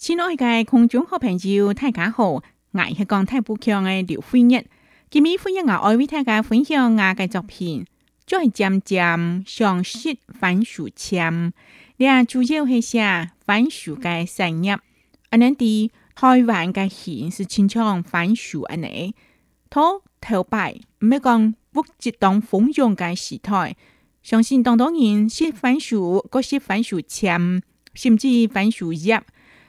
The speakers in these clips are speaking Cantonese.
親愛嘅觀眾和朋友，大家好，我係講大埔腔嘅劉惠月，今日輝日我愛會同大家分享我嘅作品。嘴尖尖想食番薯簽，你主要係寫番薯嘅生葉，阿娘哋台灣嘅縣是種番薯，阿呢，佢頭白，唔係講物質當豐盛嘅時代，相信當多人食番薯，都食番薯簽，甚至番薯葉。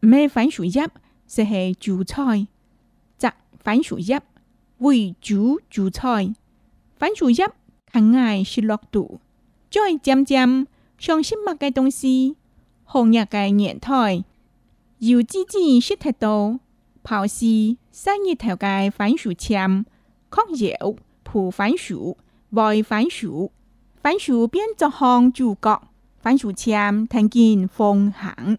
唔係番薯葉，斯係豬菜。摘番薯葉，餵豬豬菜。番薯葉刻耐食落肚，嘴尖尖，想食麼該東西。好額嘅年代，油濟濟食忒多，刨絲曬日頭嘅番薯籤。𤌍 窯烳番薯，煨番薯，番薯變桌項主角，番薯籤跈緊風行。